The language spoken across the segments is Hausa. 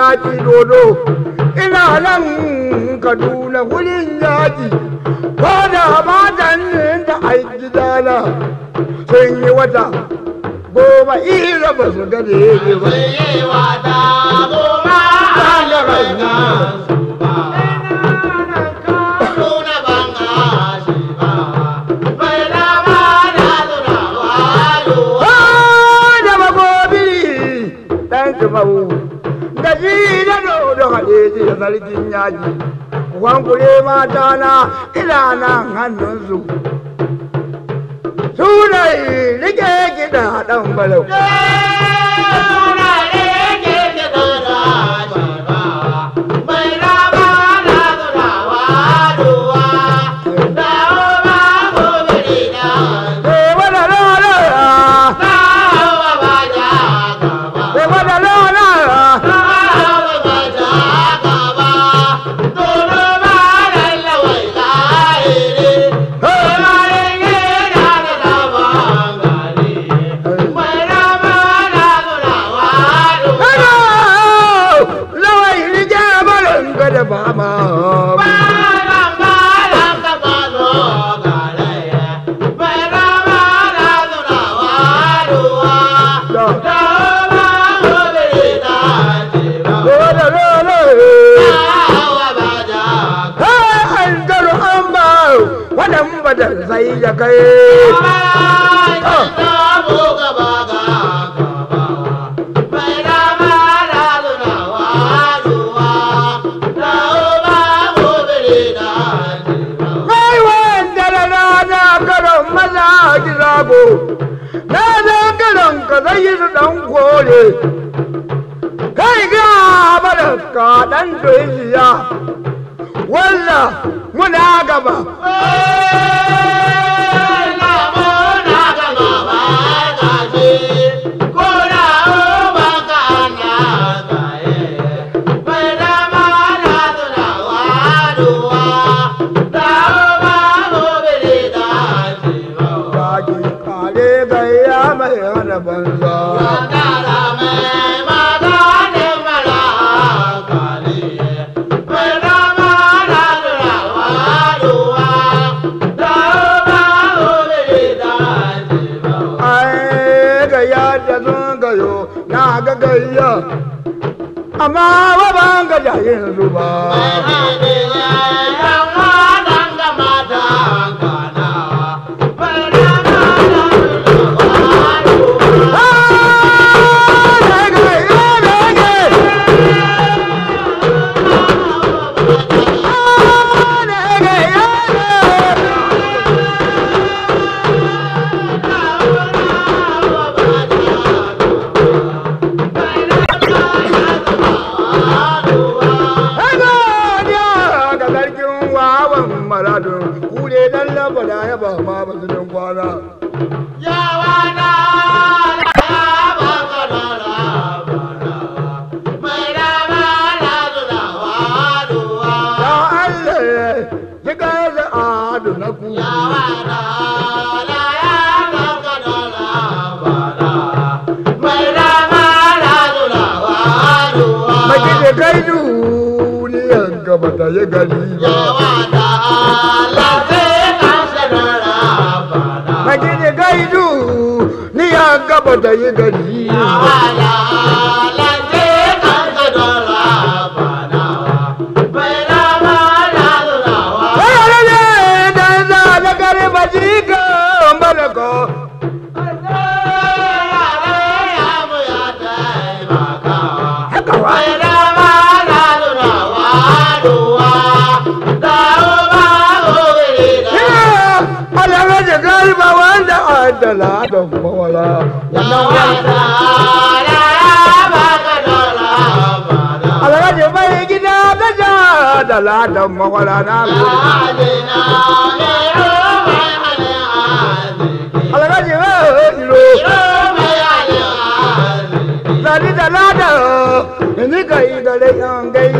yaƙi dodo ina nan kaduna gurin yaji ko da matan da aiki dana sun yi wata goma ira ba su gane ba. Sun yi wata goma a kabila no da haleji da sarkin yaji ku hankure mata na ina nan hannunsu sunai rike kiɗa ɗan balau gwada baba Wadan badan zai ya kai. Ah. shago na zan ka zai yi dan kore kai ga bada ka dan doyiya walla muna gaba amma ba ban ga jayin kai duniyar gaba ta yi gari ba. Magini kai duniyar gaba ta ba. Dala dɔ mɔgɔ la. yawa taara ba ka dɔ la ba la. ala ka nin ba ye gida bɛ da dala dɔ mɔgɔ la n'a bɛ. laadina ne yɔrɔ bɛ ale ale. ala ka nin ba ye ale ale. ladi dala dɔ. ni ka yi dɔ de yan kɛ yi.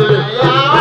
¡Ay, ay,